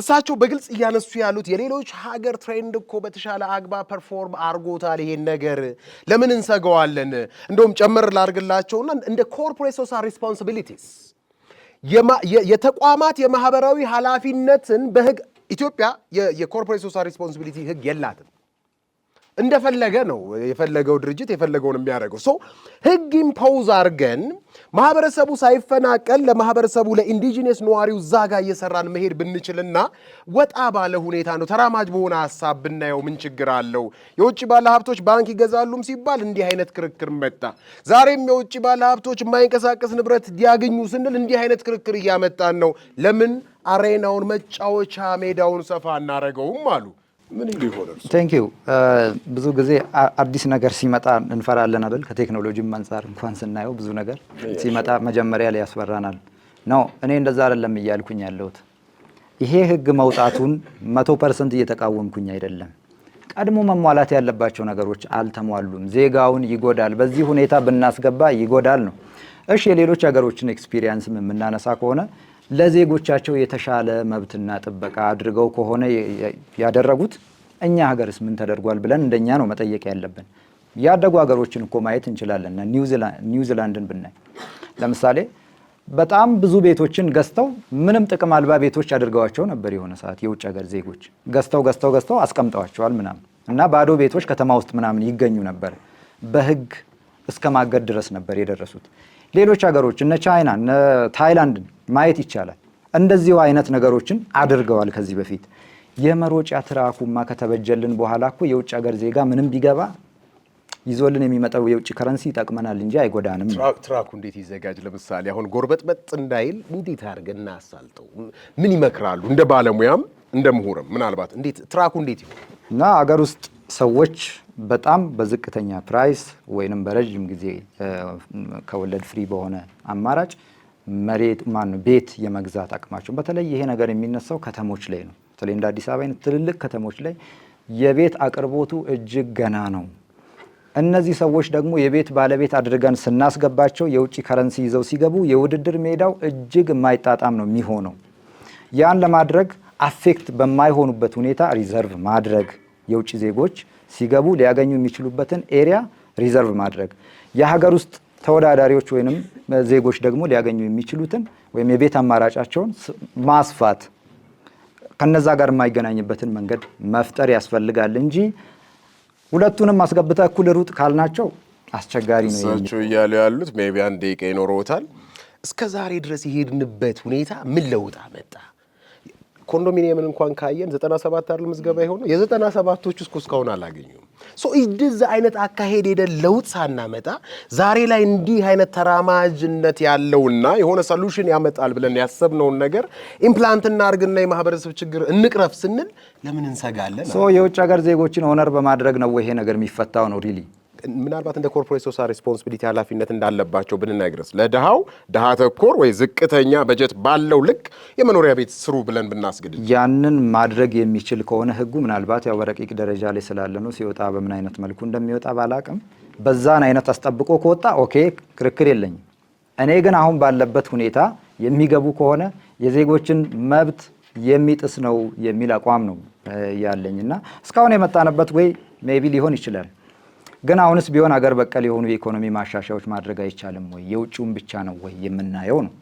እሳቸው በግልጽ እያነሱ ያሉት የሌሎች ሀገር ትሬንድ እኮ በተሻለ አግባብ ፐርፎርም አርጎታል። ይሄን ነገር ለምን እንሰገዋለን? እንደውም ጨምር ላርግላቸውና እንደ ኮርፖሬት ሶሻል ሪስፖንሲቢሊቲስ የተቋማት የማህበራዊ ኃላፊነትን በህግ ኢትዮጵያ የኮርፖሬት ሶሻል ሪስፖንሲቢሊቲ ህግ የላትም። እንደፈለገ ነው የፈለገው ድርጅት የፈለገውን የሚያደርገው። ሶ ህግ ኢምፖዝ አድርገን ማህበረሰቡ ሳይፈናቀል ለማህበረሰቡ ለኢንዲጂነስ ነዋሪው እዛ ጋር እየሰራን መሄድ ብንችልና ወጣ ባለ ሁኔታ ነው ተራማጅ በሆነ ሀሳብ ብናየው ምን ችግር አለው? የውጭ ባለ ሀብቶች ባንክ ይገዛሉም ሲባል እንዲህ አይነት ክርክር መጣ። ዛሬም የውጭ ባለ ሀብቶች የማይንቀሳቀስ ንብረት ያገኙ ስንል እንዲህ አይነት ክርክር እያመጣን ነው። ለምን አሬናውን መጫወቻ ሜዳውን ሰፋ እናደርገውም አሉ። ምን ቴንክ ዩ። ብዙ ጊዜ አዲስ ነገር ሲመጣ እንፈራለን አይደል? ከቴክኖሎጂም አንጻር እንኳን ስናየው ብዙ ነገር ሲመጣ መጀመሪያ ላይ ያስፈራናል ነው። እኔ እንደዛ አይደለም እያልኩኝ ያለሁት ይሄ ህግ መውጣቱን መቶ ፐርሰንት እየተቃወምኩኝ አይደለም። ቀድሞ መሟላት ያለባቸው ነገሮች አልተሟሉም። ዜጋውን ይጎዳል። በዚህ ሁኔታ ብናስገባ ይጎዳል ነው። እሺ የሌሎች ሀገሮችን ኤክስፒሪየንስም የምናነሳ ከሆነ ለዜጎቻቸው የተሻለ መብትና ጥበቃ አድርገው ከሆነ ያደረጉት እኛ ሀገርስ ምን ተደርጓል ብለን እንደኛ ነው መጠየቅ ያለብን። ያደጉ ሀገሮችን እኮ ማየት እንችላለን። ኒውዚላንድን ብናይ ለምሳሌ በጣም ብዙ ቤቶችን ገዝተው ምንም ጥቅም አልባ ቤቶች አድርገዋቸው ነበር። የሆነ ሰዓት የውጭ ሀገር ዜጎች ገዝተው ገዝተው ገዝተው አስቀምጠዋቸዋል ምናምን እና ባዶ ቤቶች ከተማ ውስጥ ምናምን ይገኙ ነበር። በህግ እስከ ማገድ ድረስ ነበር የደረሱት። ሌሎች ሀገሮች እነ ቻይና እነ ታይላንድን ማየት ይቻላል። እንደዚሁ አይነት ነገሮችን አድርገዋል ከዚህ በፊት። የመሮጫ ትራኩማ ከተበጀልን በኋላ እኮ የውጭ ሀገር ዜጋ ምንም ቢገባ ይዞልን የሚመጣው የውጭ ከረንሲ ይጠቅመናል እንጂ አይጎዳንም። ትራኩ እንዴት ይዘጋጅ? ለምሳሌ አሁን ጎርበጥበጥ እንዳይል እንዴት አድርገን እናሳልጠው? ምን ይመክራሉ? እንደ ባለሙያም እንደ ምሁርም ምናልባት እንዴት ትራኩ እንዴት ይሆን እና አገር ውስጥ ሰዎች በጣም በዝቅተኛ ፕራይስ ወይንም በረዥም ጊዜ ከወለድ ፍሪ በሆነ አማራጭ መሬት ማን ቤት የመግዛት አቅማቸው በተለይ ይሄ ነገር የሚነሳው ከተሞች ላይ ነው። በተለይ እንደ አዲስ አበባ አይነት ትልልቅ ከተሞች ላይ የቤት አቅርቦቱ እጅግ ገና ነው። እነዚህ ሰዎች ደግሞ የቤት ባለቤት አድርገን ስናስገባቸው የውጭ ከረንሲ ይዘው ሲገቡ የውድድር ሜዳው እጅግ የማይጣጣም ነው የሚሆነው። ያን ለማድረግ አፌክት በማይሆኑበት ሁኔታ ሪዘርቭ ማድረግ የውጭ ዜጎች ሲገቡ ሊያገኙ የሚችሉበትን ኤሪያ ሪዘርቭ ማድረግ የሀገር ውስጥ ተወዳዳሪዎች ወይንም ዜጎች ደግሞ ሊያገኙ የሚችሉትን ወይም የቤት አማራጫቸውን ማስፋት ከነዛ ጋር የማይገናኝበትን መንገድ መፍጠር ያስፈልጋል እንጂ ሁለቱንም አስገብተ እኩል ሩጥ ካልናቸው አስቸጋሪ ነው። እሳቸው እያሉ ያሉት ሜቢ አንድ ደቂቃ ይኖረዎታል። እስከ ዛሬ ድረስ የሄድንበት ሁኔታ ምን ለውጥ አመጣ? ኮንዶሚኒየምን እንኳን ካየን 97 አይደል ምዝገባ የሆነው የ97ቶች እስኮ እስካሁን አላገኙም። ሶ እንደዛ አይነት አካሄድ ሄደ ለውጥ ሳናመጣ ዛሬ ላይ እንዲህ አይነት ተራማጅነት ያለውና የሆነ ሰሉሽን ያመጣል ብለን ያሰብነውን ነገር ኢምፕላንት እናድርግና የማህበረሰብ ችግር እንቅረፍ ስንል ለምን እንሰጋለን? የውጭ ሀገር ዜጎችን ሆነር በማድረግ ነው ይሄ ነገር የሚፈታው ነው ሪሊ ምናልባት እንደ ኮርፖሬት ሶሻል ሬስፖንሲቢሊቲ ኃላፊነት እንዳለባቸው ብንነግርስ ለድሃው ድሃ ተኮር ወይ ዝቅተኛ በጀት ባለው ልክ የመኖሪያ ቤት ስሩ ብለን ብናስገድድ ያንን ማድረግ የሚችል ከሆነ ህጉ ምናልባት ያው በረቂቅ ደረጃ ላይ ስላለ ነው ሲወጣ በምን አይነት መልኩ እንደሚወጣ ባላቅም በዛን አይነት አስጠብቆ ከወጣ ኦኬ ክርክር የለኝም። እኔ ግን አሁን ባለበት ሁኔታ የሚገቡ ከሆነ የዜጎችን መብት የሚጥስ ነው የሚል አቋም ነው ያለኝ እና እስካሁን የመጣንበት ወይ ሜቢ ሊሆን ይችላል ግን አሁንስ ቢሆን አገር በቀል የሆኑ የኢኮኖሚ ማሻሻያዎች ማድረግ አይቻልም ወይ? የውጭውን ብቻ ነው ወይ የምናየው ነው?